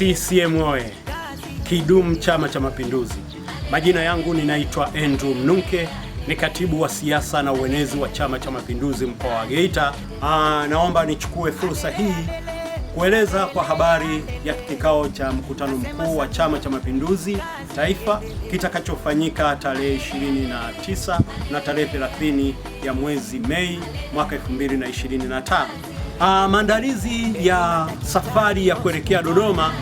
CCMOE, kidum Kidumu Chama cha Mapinduzi! Majina yangu ninaitwa Andrew Mnunke, ni katibu wa siasa na uenezi wa Chama cha Mapinduzi mkoa wa Geita. Aa, ah, naomba nichukue fursa hii kueleza kwa habari ya kikao cha mkutano mkuu wa Chama cha Mapinduzi taifa kitakachofanyika tarehe 29 na tarehe 30 ya mwezi Mei mwaka 2025. Ah, maandalizi ya safari ya kuelekea Dodoma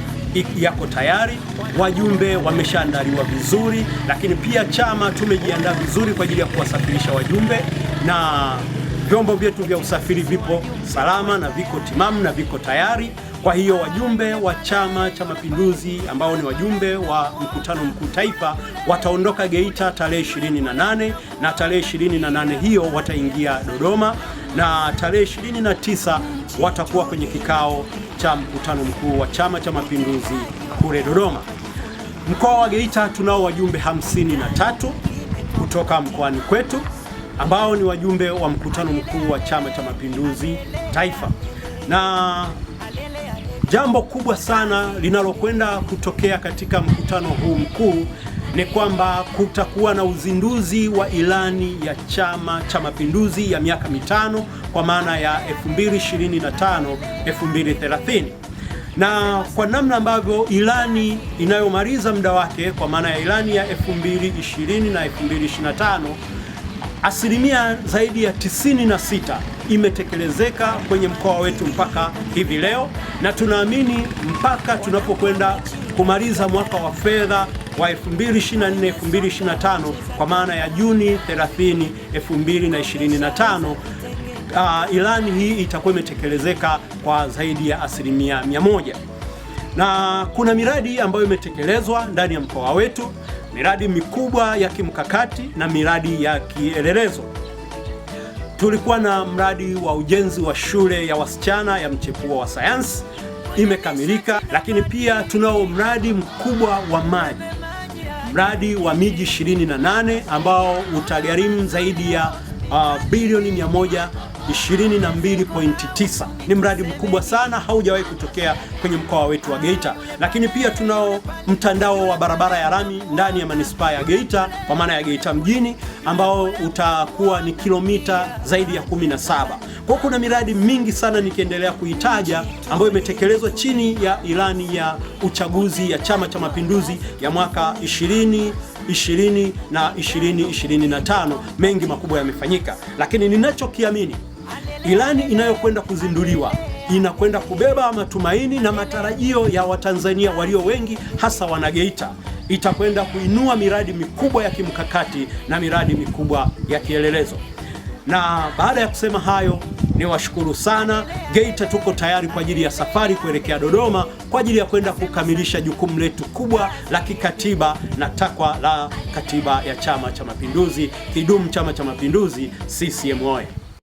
yako tayari, wajumbe wameshaandaliwa vizuri, lakini pia chama tumejiandaa vizuri kwa ajili ya kuwasafirisha wajumbe na vyombo vyetu vya usafiri vipo salama na viko timamu na viko tayari. Kwa hiyo wajumbe wa Chama cha Mapinduzi ambao ni wajumbe wa mkutano mkuu taifa wataondoka Geita tarehe 28 na tarehe 28 hiyo wataingia Dodoma na tarehe 29 watakuwa kwenye kikao cha mkutano mkuu wa Chama cha Mapinduzi kule Dodoma. Mkoa wa Geita tunao wajumbe hamsini na tatu kutoka mkoani kwetu ambao ni wajumbe wa mkutano mkuu wa Chama cha Mapinduzi taifa na Jambo kubwa sana linalokwenda kutokea katika mkutano huu mkuu ni kwamba kutakuwa na uzinduzi wa ilani ya Chama cha Mapinduzi ya miaka mitano kwa maana ya 2025 2030 na kwa namna ambavyo ilani inayomaliza muda wake kwa maana ya ilani ya 2020 na 2025, asilimia zaidi ya 96 imetekelezeka kwenye mkoa wetu mpaka hivi leo, na tunaamini mpaka tunapokwenda kumaliza mwaka wa fedha wa 2024 2025 kwa maana ya Juni 30 2025, uh, ilani hii itakuwa imetekelezeka kwa zaidi ya asilimia mia moja na kuna miradi ambayo imetekelezwa ndani ya mkoa wetu, miradi mikubwa ya kimkakati na miradi ya kielelezo. Tulikuwa na mradi wa ujenzi wa shule ya wasichana ya mchepuo wa sayansi imekamilika, lakini pia tunao mradi mkubwa wa maji, mradi wa miji 28 ambao utagharimu zaidi ya uh, bilioni 22.9. Ni mradi mkubwa sana, haujawahi kutokea kwenye mkoa wetu wa Geita. Lakini pia tunao mtandao wa barabara ya rami ndani ya manispaa ya Geita kwa maana ya Geita mjini ambao utakuwa ni kilomita zaidi ya 17. Kwa kuna miradi mingi sana nikiendelea kuitaja ambayo imetekelezwa chini ya ilani ya uchaguzi ya Chama cha Mapinduzi ya mwaka 20 20 na 2025. Mengi makubwa yamefanyika, lakini ninachokiamini Ilani inayokwenda kuzinduliwa inakwenda kubeba matumaini na matarajio ya Watanzania walio wengi, hasa Wanageita. Itakwenda kuinua miradi mikubwa ya kimkakati na miradi mikubwa ya kielelezo. Na baada ya kusema hayo, ni washukuru sana Geita. Tuko tayari kwa ajili ya safari kuelekea Dodoma kwa ajili ya kwenda kukamilisha jukumu letu kubwa la kikatiba na takwa la katiba ya Chama cha Mapinduzi. Kidumu Chama cha Mapinduzi! CCM